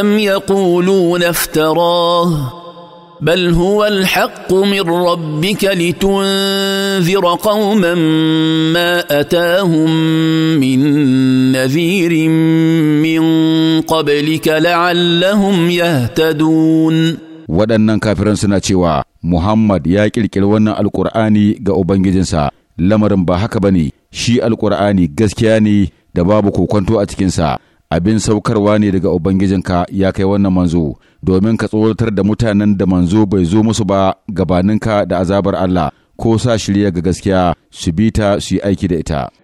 أم يقولون افتراه بل هو الحق من ربك لتنذر قوما ما أتاهم من نذير من قبلك لعلهم يهتدون waɗannan kafiran suna cewa Muhammad ya ƙirƙiri wannan alƙur'ani ga Ubangijinsa, lamarin ba haka ba ne, shi alƙur'ani gaskiya ne da babu kokwanto a cikinsa. abin saukarwa ne daga Ubangijinka ya kai wannan manzo, domin ka tsoratar da mutanen da manzo bai zo musu ba gabaninka da azabar Allah, ko sa shirya ga gaskiya su bi ta su yi aiki da ita.